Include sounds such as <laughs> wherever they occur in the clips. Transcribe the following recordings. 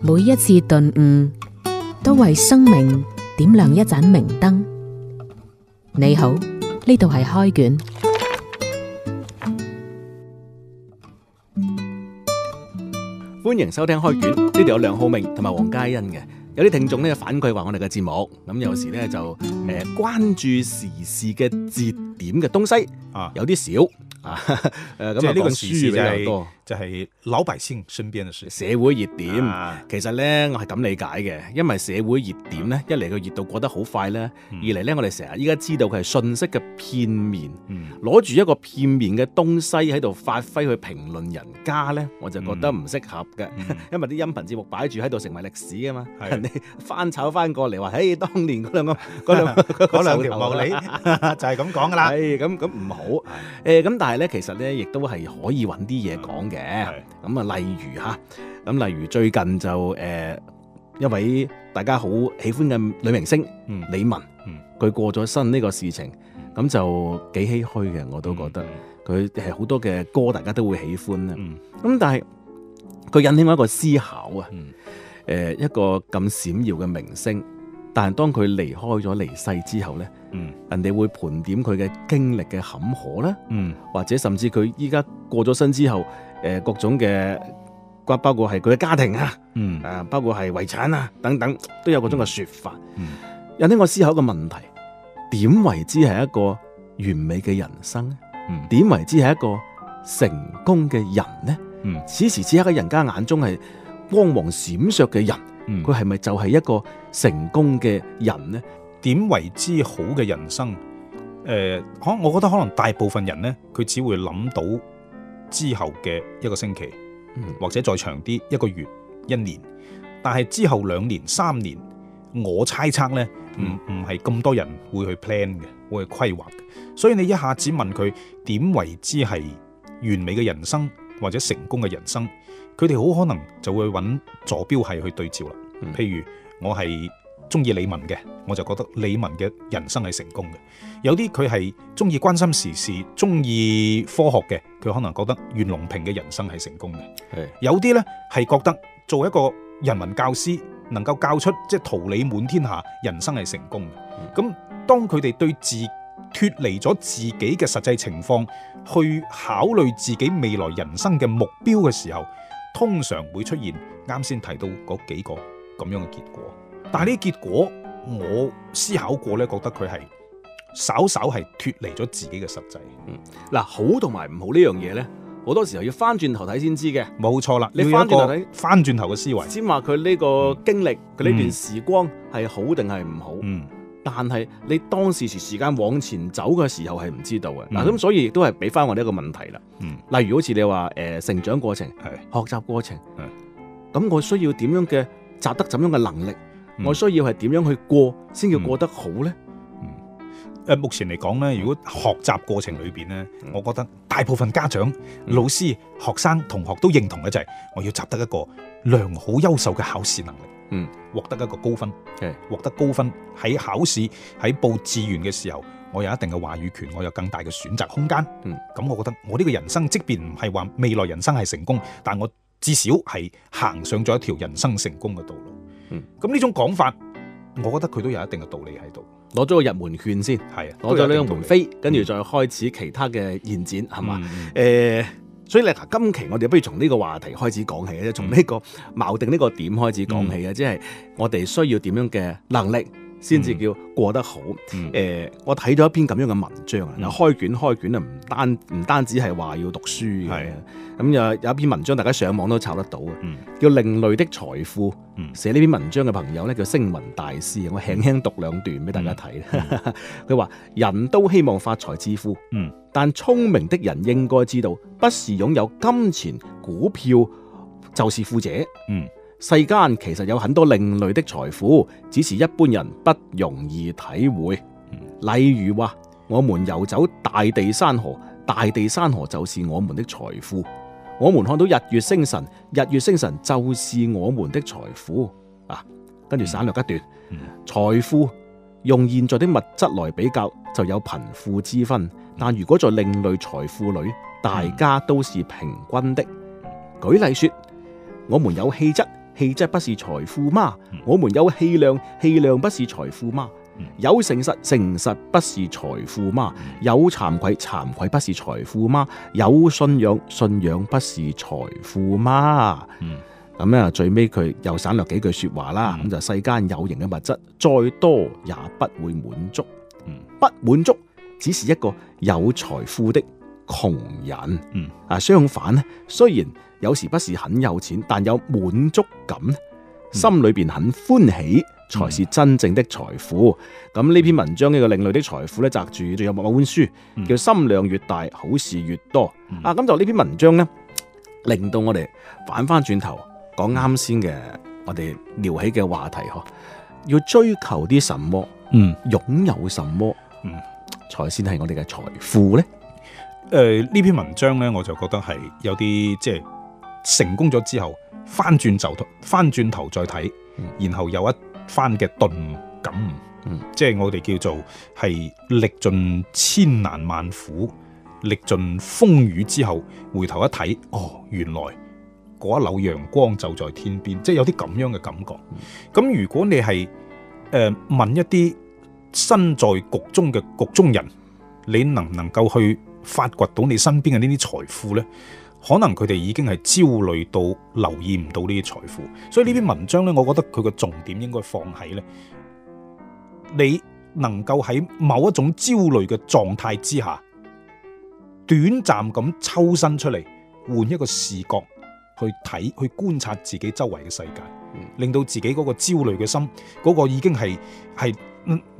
每一次頓悟，都為生命點亮一盞明燈。你好，呢度係開卷，歡迎收聽開卷。呢度有梁浩明同埋黃嘉欣嘅。有啲聽眾呢反饋話，我哋嘅節目咁有時呢就誒關注時事嘅節點嘅東西啊，有啲少啊。咁啊，呢本書比較多。就是就係老百姓身邊嘅事，社會熱點，其實咧，我係咁理解嘅。因為社會熱點咧，一嚟個熱度過得好快咧；二嚟咧，我哋成日依家知道佢係信息嘅片面，攞住一個片面嘅東西喺度發揮去評論人家咧，我就覺得唔適合嘅。因為啲音頻節目擺住喺度成為歷史啊嘛，人哋翻炒翻過嚟話，誒當年嗰兩個、嗰兩個、嗰兩條毛脷，就係咁講噶啦。係咁咁唔好。誒咁，但係咧，其實咧，亦都係可以揾啲嘢講嘅。嘅，咁啊，例如哈，咁例如最近就誒一位大家好喜歡嘅女明星，嗯，李玟，嗯，佢過咗身呢個事情，咁、嗯、就幾唏嘘嘅，我都覺得佢係好多嘅歌，大家都會喜歡啦，咁、嗯、但係佢引起我一個思考啊，誒、嗯，一個咁閃耀嘅明星。但係當佢離開咗、離世之後咧，嗯、人哋會盤點佢嘅經歷嘅坎坷咧，嗯、或者甚至佢依家過咗身之後，誒、呃、各種嘅，包括係佢嘅家庭啊，誒、嗯啊、包括係遺產啊等等，都有各種嘅説法。有啲、嗯嗯、我思考個問題，點為之係一個完美嘅人生呢？點、嗯、為之係一個成功嘅人呢？嗯、此時此刻嘅人家眼中係光芒閃爍嘅人，佢係咪就係一個成功嘅人呢？點、嗯、為之好嘅人生？誒、呃，可我覺得可能大部分人呢，佢只會諗到之後嘅一個星期，嗯、或者再長啲一,一個月，一年，但係之後兩年、三年，我猜測呢，唔唔係咁多人會去 plan 嘅，會去規劃的。所以你一下子問佢點為之係完美嘅人生或者成功嘅人生？佢哋好可能就會揾坐標系去對照啦。譬如我係中意李文嘅，我就覺得李文嘅人生係成功嘅。有啲佢係中意關心時事、中意科學嘅，佢可能覺得袁隆平嘅人生係成功嘅。是有啲呢係覺得做一個人民教師，能夠教出即係、就是、桃李滿天下，人生係成功嘅。咁、嗯、當佢哋對自脫離咗自己嘅實際情況去考慮自己未來人生嘅目標嘅時候，通常會出現啱先提到嗰幾個咁樣嘅結果，但係呢啲結果我思考過呢覺得佢係稍稍係脫離咗自己嘅實際。嗯，嗱，好同埋唔好呢樣嘢呢，好多時候要翻轉頭睇先知嘅。冇錯啦，你翻轉頭睇翻轉頭嘅思維，先話佢呢個經歷佢呢段時光係好定係唔好。嗯。但係你當時時時間往前走嘅時候係唔知道嘅。嗱，咁、嗯、所以亦都係俾翻我哋一個問題啦。嗯，例如好似你話誒成長過程，是學習過程，咁是我需要點樣嘅習得怎樣嘅能力？嗯，我需要係點樣去過先叫過得好呢？嗯，誒目前嚟講咧，如果學習過程裏邊咧，嗯，我覺得大部分家長、嗯、老師、學生、同學都認同嘅就係，我要習得一個良好、優秀嘅考試能力。嗯，獲得一個高分，獲係得高分喺考試喺報志願嘅時候，我有一定嘅話語權，我有更大嘅選擇空間。嗯，咁我覺得我呢個人生，即便唔係話未來人生係成功，但我至少係行上咗一條人生成功嘅道路。嗯，咁呢種講法，我覺得佢都有一定嘅道理喺度。攞咗個入門券先，係啊，攞咗呢張門飛，跟住再開始其他嘅延展，係嘛？誒。所以咧，今期我哋不如從呢個話題開始講起啊，從呢個矛定呢個點開始講起啊，嗯、即係我哋需要點樣嘅能力。先至叫過得好。嗯呃、我睇咗一篇咁樣嘅文章啊、嗯。開卷開卷啊，唔單唔單止係話要讀書啊，咁又是、嗯、有一篇文章，大家上網都查得到嘅。嗯、叫另類的財富，嗯、寫呢篇文章嘅朋友呢，叫星雲大師。我輕輕讀兩段俾大家睇。佢話、嗯： <laughs> 人都希望發財致富，嗯、但聰明的人應該知道，不是擁有金錢股票就是富者。嗯。世間其實有很多另類的財富，只是一般人不容易體會。例如話，我們遊走大地山河，大地山河就是我們的財富；我們看到日月星辰，日月星辰就是我們的財富。啊，跟住省略一段。嗯、財富用現在的物質來比較就有貧富之分，但如果在另類財富裏，大家都是平均的。嗯、舉例說，我們有氣質。氣質不是財富嗎？我們有氣量，氣量不是財富嗎？有誠實，誠實不是財富嗎？有慚愧，慚愧不是財富嗎？有信仰，信仰不是財富嗎？咁咧、嗯，最尾佢又省略幾句說話啦。咁就、嗯、世間有形嘅物質再多也不會滿足，嗯、不滿足只是一個有財富的。窮人啊，相反咧，雖然有時不是很有錢，但有滿足感，心裏邊很歡喜，才是真正的財富。咁呢、嗯、篇文章呢個另類的財富呢，摘住仲有一本書，叫心量越大，好事越多。嗯、啊，咁就呢篇文章呢，令到我哋反翻轉頭講啱先嘅我哋聊起嘅話題，嗬，要追求啲什麼？嗯，擁有什麼？嗯，才先係我哋嘅財富呢。誒、呢、呃、篇文章呢，我就覺得係有啲，即係成功咗之後，翻轉就翻轉頭再睇，嗯、然後有一番嘅頓感，嗯、即係我哋叫做係歷盡千難萬苦、歷盡風雨之後，回頭一睇，哦，原來嗰一縷陽光就在天邊，即係有啲咁樣嘅感覺。咁、嗯、如果你係誒、呃、問一啲身在局中嘅局中人，你能唔能夠去？發掘到你身邊嘅呢啲財富呢，可能佢哋已經係焦慮到留意唔到呢啲財富，所以呢篇文章呢，我覺得佢嘅重點應該放喺呢，你能夠喺某一種焦慮嘅狀態之下，短暫咁抽身出嚟，換一個視角去睇、去觀察自己周圍嘅世界，令到自己嗰個焦慮嘅心，嗰、嗰個已經係係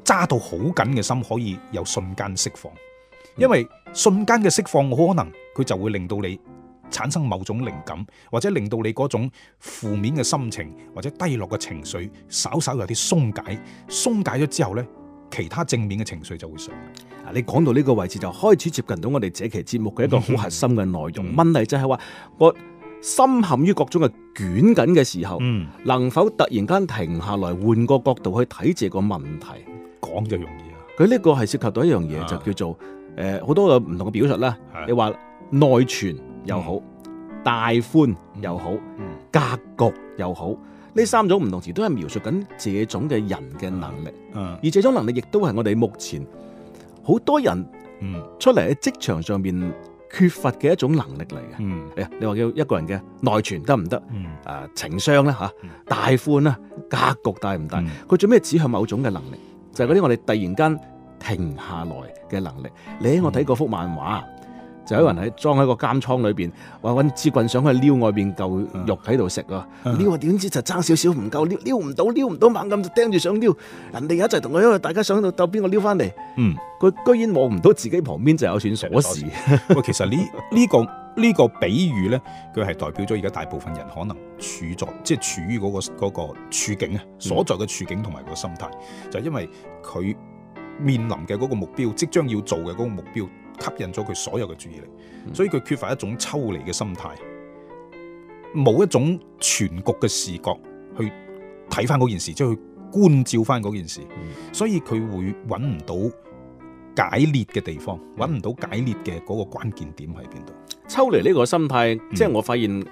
揸到好緊嘅心，可以有瞬間釋放。因為瞬間嘅釋放很可能，佢就會令到你產生某種靈感，或者令到你嗰種負面嘅心情或者低落嘅情緒，稍稍有啲鬆解。鬆解咗之後呢，其他正面嘅情緒就會上。啊，你講到呢個位置就開始接近到我哋這期節目嘅一個好核心嘅內容。嗯、問題就係話，我深陷於各種嘅捲緊嘅時候，嗯、能否突然間停下來，換個角度去睇這個問題？講就容易啊。佢呢個係涉及到一樣嘢，嗯、就叫做。誒好多個唔同嘅表述啦，你話內存又好，嗯、大寬又好，嗯、格局又好，呢三種唔同詞都係描述緊這種嘅人嘅能力，嗯嗯、而這種能力亦都係我哋目前好多人出嚟喺職場上面缺乏嘅一種能力嚟嘅。嗯、你話叫一個人嘅內存得唔得？啊，情商咧嚇，大寬啊，格局大唔大？佢做咩指向某種嘅能力，就係嗰啲我哋突然間。停下來嘅能力，你喺我睇嗰幅漫畫，嗯、就有人喺裝喺個監倉裏邊，話搵支棍上去撩外邊嚿肉喺度食咯，撩啊，點知就爭少少唔夠撩，撩唔到，撩唔到，撩到猛咁就盯住想撩，人哋一齊同佢，因為大家想到鬥邊個撩翻嚟，嗯，佢居然望唔到自己旁邊就有鎖匙。嗰時 <laughs> 其實呢呢、這個呢、這個比喻咧，佢係代表咗而家大部分人可能處在即係、就是、處於嗰、那個嗰、那個處境啊，嗯、所在嘅處境同埋個心態，就係、是、因為佢。面臨嘅嗰個目標，即將要做嘅嗰個目標，吸引咗佢所有嘅注意力，所以佢缺乏一種抽離嘅心態，冇一種全局嘅視覺去睇翻嗰件事，即係去觀照翻嗰件事，所以佢會揾唔到解裂嘅地方，揾唔到解裂嘅嗰個關鍵點喺邊度。抽離呢個心態，即係、嗯、我發現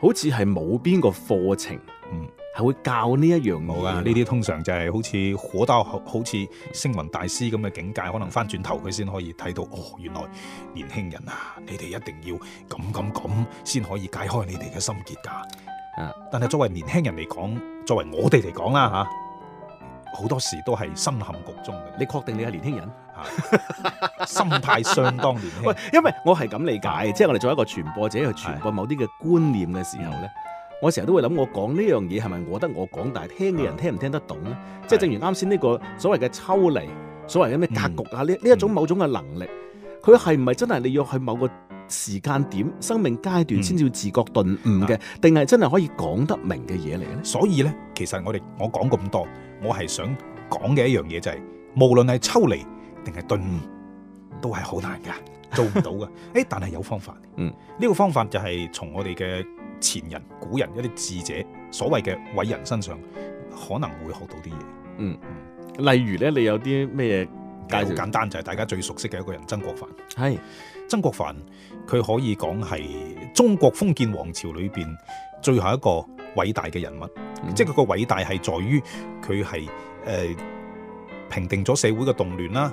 好似係冇邊個課程。嗯係會教呢一樣嘢噶，呢啲通常就係好似火刀，好似星雲大師咁嘅境界，嗯、可能翻轉頭佢先可以睇到哦。原來年輕人啊，你哋一定要咁咁咁，先可以解開你哋嘅心結噶。啊、但係作為年輕人嚟講，作為我哋嚟講啦吓，好、嗯、多時都係深陷局中嘅。你確定你係年輕人？啊、 <laughs> 心態相當年輕。因為我係咁理解，啊、即係我哋作為一個傳播者去、啊、傳播某啲嘅觀念嘅時候呢。嗯嗯我成日都會諗，我講呢樣嘢，係咪我覺得我講，但係聽嘅人聽唔聽得懂呢？是即係正如啱先呢個所謂嘅抽離，所謂嘅咩格局啊，呢呢、嗯、一種某種嘅能力，佢係唔係真係你要去某個時間點、生命階段先至要自覺頓悟嘅，定係、嗯嗯啊、真係可以講得明嘅嘢嚟嘅呢？所以呢，其實我哋我講咁多，我係想講嘅一樣嘢就係、是，無論係抽離定係頓悟，都係好難噶，做唔到噶。誒， <laughs> 但係有方法，嗯，呢個方法就係從我哋嘅。前人、古人一啲智者，所謂嘅偉人身上可能會學到啲嘢。嗯，例如咧，你有啲咩嘢介紹？簡單就係、是、大家最熟悉嘅一個人曾國藩。係是曾國藩，佢可以講係中國封建王朝裏邊最後一個偉大嘅人物。嗯、即係佢個偉大係在於佢係誒平定咗社會嘅動亂啦，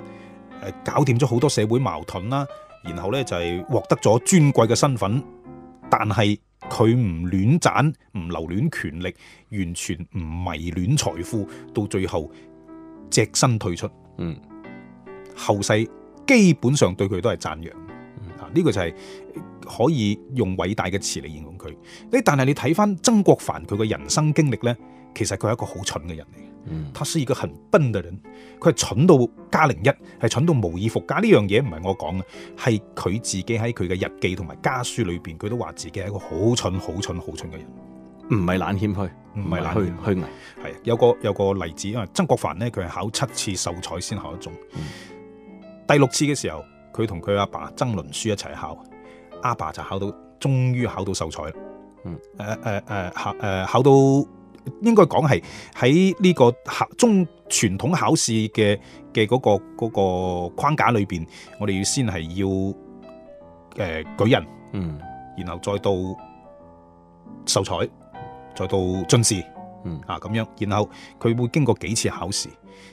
誒搞掂咗好多社會矛盾啦，然後咧就係、是、獲得咗尊貴嘅身份，但係。佢唔亂斬，唔留戀權力，完全唔迷戀財富，到最後隻身退出，嗯，後世基本上對佢都係讚揚，啊、嗯，呢個就係可以用偉大嘅詞嚟形容佢。誒，但係你睇翻曾國藩佢嘅人生經歷呢，其實佢係一個好蠢嘅人嚟。他是一個很笨嘅人，佢係蠢到加零一，係蠢到無以復加呢樣嘢唔係我講嘅，係佢自己喺佢嘅日記同埋家書裏邊，佢都話自己係一個好蠢、好蠢、好蠢嘅人，唔係懶謙虛，唔係懶謙虛，係有個有個例子，因為曾國藩呢，佢係考七次秀才先考得中，嗯、第六次嘅時候，佢同佢阿爸曾麟書一齊考，阿爸就考到終於考到秀才誒誒誒，考誒、呃、考到。應該講係喺呢個考中傳統考試嘅嘅嗰個嗰個框架裏邊，我哋要先係要誒舉人，嗯，然後再到秀才，再到進士，嗯啊咁樣，然後佢會經過幾次考試，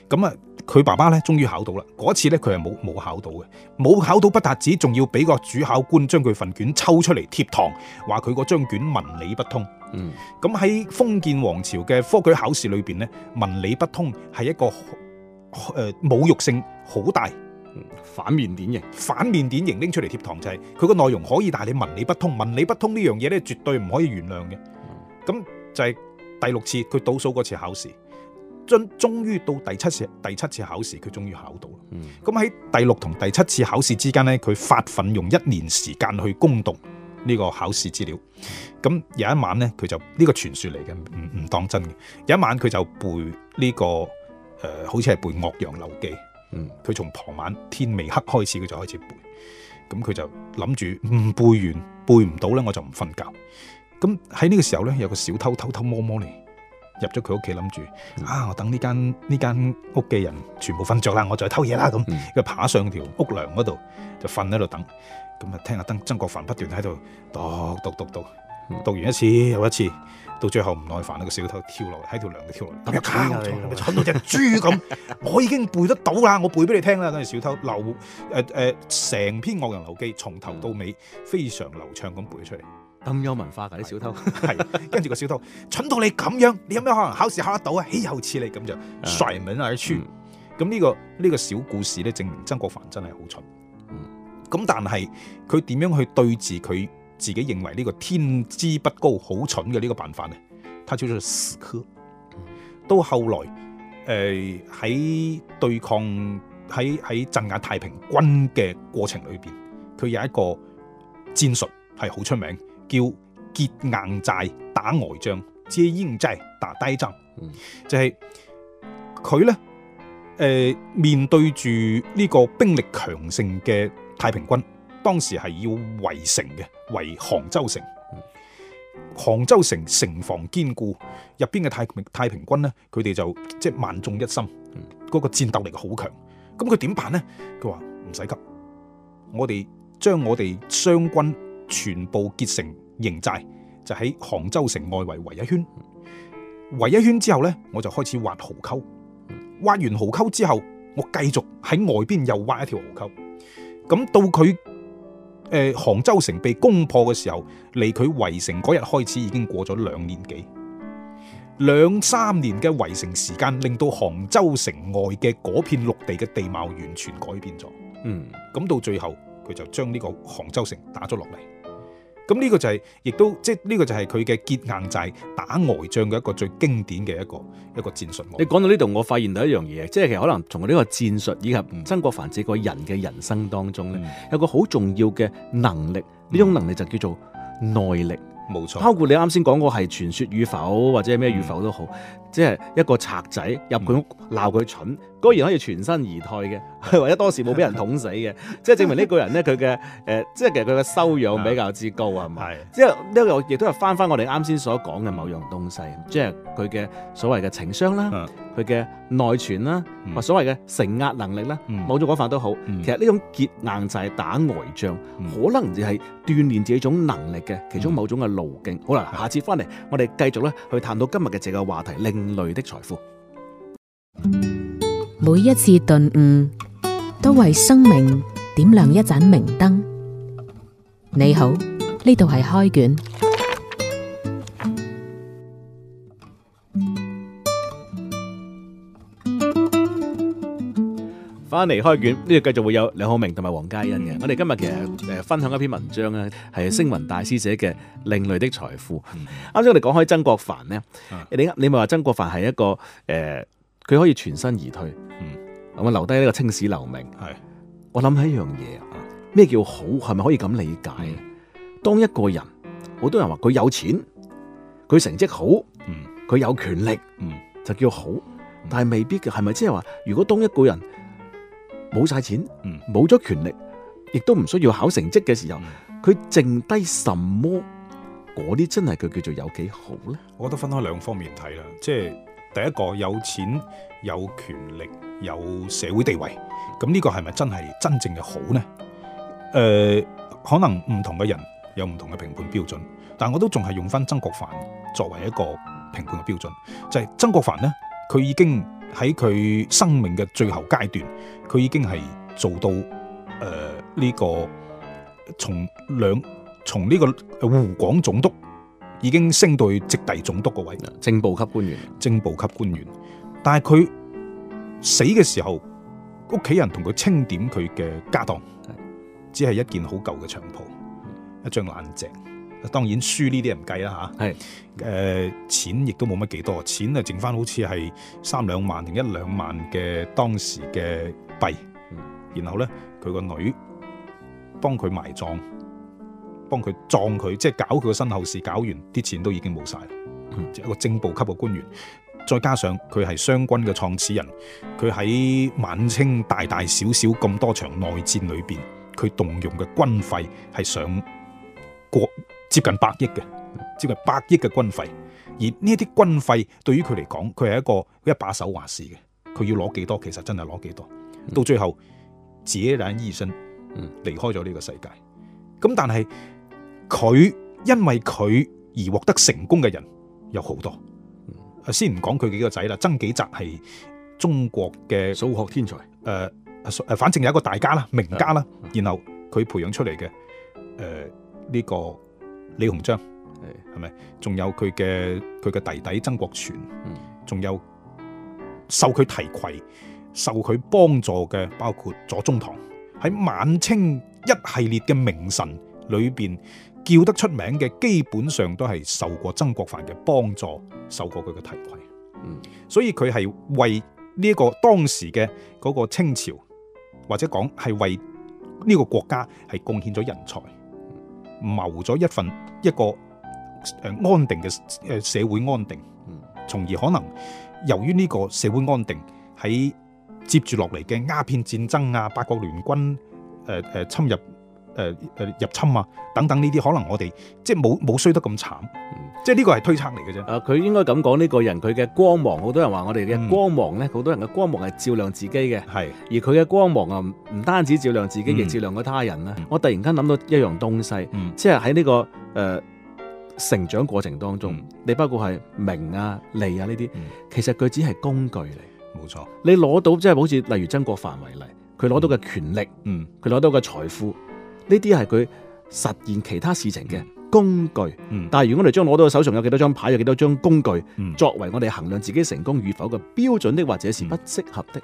咁啊。佢爸爸咧，終於考到啦。嗰次咧，佢係冇冇考到嘅，冇考到，不但止仲要俾個主考官將佢份卷抽出嚟貼堂，話佢嗰張卷文理不通。嗯，咁喺封建王朝嘅科舉考試裏邊咧，文理不通係一個誒、呃、侮辱性好大，反面典型，反面典型拎出嚟貼堂就係佢個內容可以，但係你文理不通，文理不通呢樣嘢咧，絕對唔可以原諒嘅。咁、嗯、就係第六次佢倒數嗰次考試。終終於到第七次第七次考試，佢終於考到。咁喺、嗯、第六同第七次考試之間咧，佢發奮用一年時間去攻讀呢個考試資料。咁、嗯、有一晚呢，佢就呢、這個傳說嚟嘅，唔唔當真嘅。有一晚佢就背呢、這個誒、呃，好似係背《岳陽樓記》。嗯，佢從傍晚天未黑開始，佢就開始背。咁佢就諗住唔背完背唔到呢，我就唔瞓覺。咁喺呢個時候呢，有個小偷偷偷摸摸嚟。入咗佢屋企，諗住啊！我等呢間呢間屋嘅人全部瞓着啦，我再偷嘢啦咁。佢爬上條屋梁嗰度，就瞓喺度等。咁啊，聽阿曾曾國藩不斷喺度讀讀讀讀，讀完一次又一次，到最後唔耐煩啦。個小偷跳落嚟，喺條梁度跳落嚟，突然間，蠢到隻豬咁！我已經背得到啦，我背俾你聽啦。跟住小偷流誒誒成篇《岳陽樓記》從頭到尾，非常流暢咁背出嚟。燈油文化㗎啲小偷，係跟住個小偷 <laughs> 蠢到你咁樣，你有咩可能考試考得到啊？嘿，又似你咁就甩名而出。咁呢、嗯這個呢、這個小故事咧，證明曾國藩真係好蠢。咁、嗯、但係佢點樣去對峙佢自己認為呢個天資不高、好蠢嘅呢個辦法呢？他叫做死磕。嗯、到後來，誒、呃、喺對抗喺喺鎮壓太平軍嘅過程裏邊，佢有一個戰術係好出名。叫結硬寨打呆仗，借煙債打低仗，就係佢咧，誒，面對住呢個兵力強盛嘅太平軍，當時係要圍城嘅，圍杭州城。杭州城城防堅固，入邊嘅太平太平軍咧，佢哋就即係萬眾一心，嗰、嗯、個戰鬥力好強。咁佢點辦咧？佢話唔使急，我哋將我哋湘軍全部結成。營寨就喺杭州城外圍圍一圈，圍一圈之後呢，我就開始挖壕溝。挖完壕溝之後，我繼續喺外邊又挖一條壕溝。咁到佢誒、呃、杭州城被攻破嘅時候，離佢圍城嗰日開始已經過咗兩年幾，兩三年嘅圍城時間令到杭州城外嘅嗰片陸地嘅地貌完全改變咗。嗯，咁到最後佢就將呢個杭州城打咗落嚟。咁呢個就係、是，亦都即係呢個就係佢嘅結硬寨、打呆仗嘅一個最經典嘅一個一個戰術。你講到呢度，我發現到一樣嘢，即係其實可能從呢個戰術以及曾國藩這個人嘅人生當中咧，嗯、有一個好重要嘅能力，呢種能力就叫做耐力。冇錯、嗯，包括你啱先講過係傳説與否，或者係咩與否都好。嗯即係一個賊仔入佢屋，鬧佢蠢，居然可以全身而退嘅，或者當時冇俾人捅死嘅，即係證明呢個人咧佢嘅誒，即係其實佢嘅修養比較之高啊，係咪？即係呢個亦都係翻翻我哋啱先所講嘅某樣東西，即係佢嘅所謂嘅情商啦，佢嘅內存啦，所謂嘅承壓能力啦，某種講法都好。其實呢種結硬就係打呆仗，可能就係鍛鍊自己種能力嘅其中某種嘅路徑。好啦，下次翻嚟我哋繼續咧去探討今日嘅這個話題，另。另類的財富，每一次頓悟，都為生命點亮一盞明燈。你好，呢度係開卷。翻嚟開卷，呢個繼續會有李浩明同埋黃嘉欣嘅。我哋今日其實誒分享一篇文章啊，係星雲大師寫嘅《另類的財富》嗯。啱先我哋講開曾國藩咧，啊、你你咪話曾國藩係一個誒，佢、呃、可以全身而退，咁、嗯、啊、嗯、留低呢個青史留名係。是我諗起一樣嘢啊，咩叫好係咪可以咁理解？嗯、當一個人好多人話佢有錢，佢成績好，佢、嗯、有權力，嗯、就叫好，嗯、但係未必嘅係咪？即係話如果當一個人。冇晒錢，冇咗權力，亦都唔需要考成績嘅時候，佢剩低什麼？嗰啲真係佢叫做有幾好呢？我覺得分開兩方面睇啦，即係第一個有錢、有權力、有社會地位，咁呢個係咪真係真正嘅好呢？誒、呃，可能唔同嘅人有唔同嘅評判標準，但我都仲係用翻曾國藩作為一個評判嘅標準，就係、是、曾國藩呢，佢已經。喺佢生命嘅最後階段，佢已經係做到誒呢、呃這個從兩從呢、這個、呃、湖廣總督，已經升到直隸總督個位啦，正部級官員，正部級官員。但係佢死嘅時候，屋企人同佢清點佢嘅家當，只係一件好舊嘅長袍，一張爛席。當然輸呢啲唔計啦嚇，誒錢亦都冇乜幾多，錢啊剩翻好似係三兩萬定一兩萬嘅當時嘅幣，嗯、然後咧佢個女幫佢埋葬，幫佢葬佢，即係搞佢個身後事，搞完啲錢都已經冇晒。啦、嗯。即係一個正部級嘅官員，再加上佢係湘軍嘅創始人，佢喺晚清大大小小咁多場內戰裏邊，佢動用嘅軍費係上國，接近百億嘅，接近百億嘅軍費，而呢啲軍費對於佢嚟講，佢係一個一把手話事嘅，佢要攞幾多，其實真係攞幾多。到最後，自己醫生離開咗呢個世界，咁但係佢因為佢而獲得成功嘅人有好多，先唔講佢幾個仔啦，曾紀澤係中國嘅數學天才，誒、呃，反正有一個大家啦，名家啦，的然後佢培養出嚟嘅，誒、呃，呢、這個。李鴻章係咪？仲有佢嘅佢嘅弟弟曾國荃，仲有受佢提携、受佢幫助嘅，包括左宗棠，喺晚清一系列嘅名臣裏邊叫得出名嘅，基本上都係受過曾國藩嘅幫助，受過佢嘅提携。所以佢係為呢個當時嘅嗰個清朝，或者講係為呢個國家係貢獻咗人才。謀咗一份一個誒安定嘅誒社會安定，從而可能由於呢個社會安定喺接住落嚟嘅鴉片戰爭啊、八國聯軍誒誒、啊、侵入誒誒、啊、入侵啊等等呢啲，可能我哋即係冇冇衰得咁慘。即係呢個係推測嚟嘅啫。啊，佢應該咁講呢個人，佢嘅光芒，好多人話我哋嘅光芒咧，好多人嘅光芒係照亮自己嘅。係。而佢嘅光芒啊，唔單止照亮自己，亦照亮咗他人啦。我突然間諗到一樣東西，即係喺呢個誒成長過程當中，你包括係名啊、利啊呢啲，其實佢只係工具嚟。冇錯。你攞到即係好似例如曾國藩為例，佢攞到嘅權力，嗯，佢攞到嘅財富，呢啲係佢實現其他事情嘅。工具，但係如果我哋將攞到手上有幾多張牌，有幾多張工具，作為我哋衡量自己成功與否嘅標準的，或者是不適合的，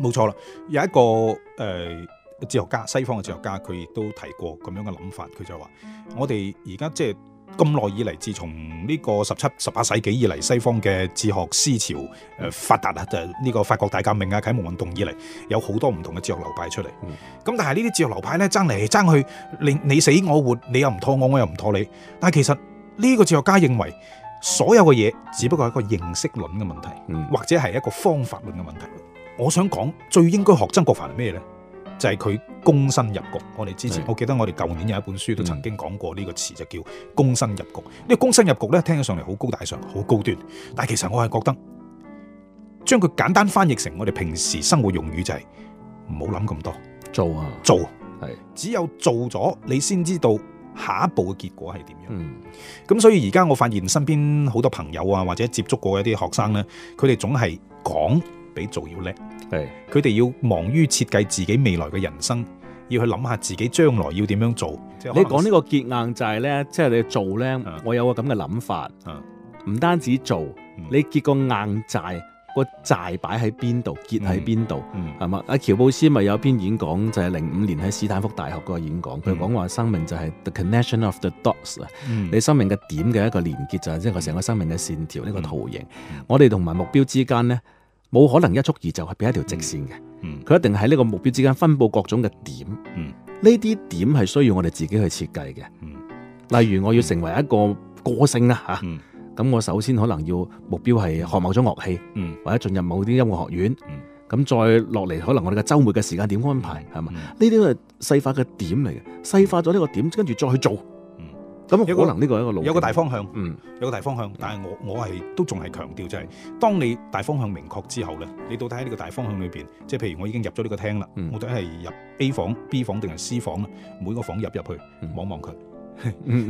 冇錯啦。有一個誒，哲學家，西方嘅哲學家，佢亦都提過咁樣嘅諗法，佢就話我哋而家即係。咁耐以嚟，自從呢個十七、十八世紀以嚟，西方嘅哲學思潮誒發達啦，就係呢個法國大革命啊、啟蒙運動以嚟，有好多唔同嘅哲學流派出嚟。咁、嗯、但係呢啲哲學流派咧，爭嚟爭去，你你死我活，你又唔妥我，我又唔妥你。但係其實呢個哲學家認為，所有嘅嘢只不過係一個認識論嘅問題，嗯、或者係一個方法論嘅問題。我想講最應該學曾國藩係咩呢？就係佢躬身入局，我哋之前是我記得我哋舊年有一本書都曾經講過呢個詞，就叫躬身入局。呢、嗯、個躬身入局咧，聽起上嚟好高大上，好高端，但係其實我係覺得將佢簡單翻譯成我哋平時生活用語就係唔好諗咁多，做啊做係，是只有做咗你先知道下一步嘅結果係點樣。咁、嗯、所以而家我發現身邊好多朋友啊，或者接觸過一啲學生咧，佢哋總係講比做要叻。佢哋係要忙於設計自己未來嘅人生，要去諗下自己將來要點樣做。你講呢個結硬債咧，即係你做咧，我有個咁嘅諗法，唔單止做，你結個硬債，個債擺喺邊度，結喺邊度，係嘛？嗯，嗯，阿喬布斯咪有一篇演講，就係零五年喺斯坦福大學嗰個演講，佢講話生命就係 the connection of the dots，嗯，你生命嘅點嘅一個連結，就係一個成個生命嘅線條，呢個圖形，嗯嗯，我哋同埋目標之間咧。冇可能一蹴而就，係變一條直線嘅。佢、嗯、一定喺呢個目標之間分佈各種嘅點。呢啲、嗯、點係需要我哋自己去設計嘅。嗯、例如我要成為一個歌星啦，吓咁、嗯啊、我首先可能要目標係學某種樂器，嗯、或者進入某啲音樂學院。咁、嗯、再落嚟，可能我哋嘅週末嘅時間點安排係嘛？呢啲係細化嘅點嚟嘅，細化咗呢個點，跟住再去做。咁可能呢個係一個路，有一個，有一個大方向，嗯、有個大方向。但係我我係都仲係強調就係、係，當你大方向明確之後咧，你到底喺呢個大方向裏邊，即係譬如我已經入咗呢個廳啦，嗯、我到底係入 A 房、B 房定係 C 房啦，每個房入入去望望佢，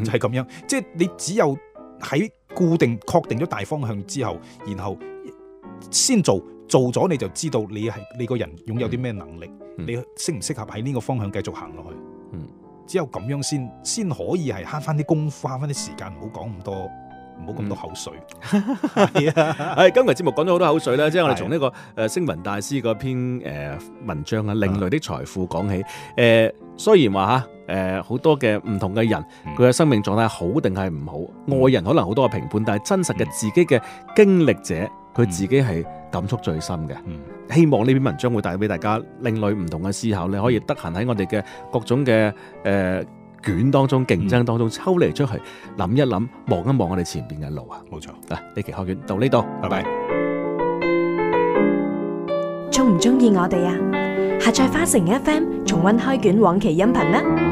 就係咁樣。即係你只有喺固定確定咗大方向之後，然後先做做咗，你就知道你係你個人擁有啲咩能力，嗯嗯、你適唔適合喺呢個方向繼續行落去。只有咁樣先，先可以係慳翻啲功夫，慳翻啲時間，唔好講咁多，唔好咁多口水。係啊，係今日節目講咗好多口水啦，即係我哋從呢個誒星雲大師嗰篇誒文章啊，的《另類的財富》講起。誒，雖然話吓，誒好多嘅唔同嘅人，佢嘅、嗯、生命狀態好定係唔好，外、嗯、人可能好多嘅評判，但係真實嘅自己嘅經歷者，佢、嗯、自己係。感觸最深嘅，希望呢篇文章會帶俾大家另類唔同嘅思考，你可以得閒喺我哋嘅各種嘅誒、呃、捲當中、競爭當中抽離出去諗一諗、望一望我哋前邊嘅路啊！冇錯錯，嗱呢期開卷到呢度，拜拜。鍾唔鍾意我哋啊？下載花城 FM 重温開卷往期音頻啦！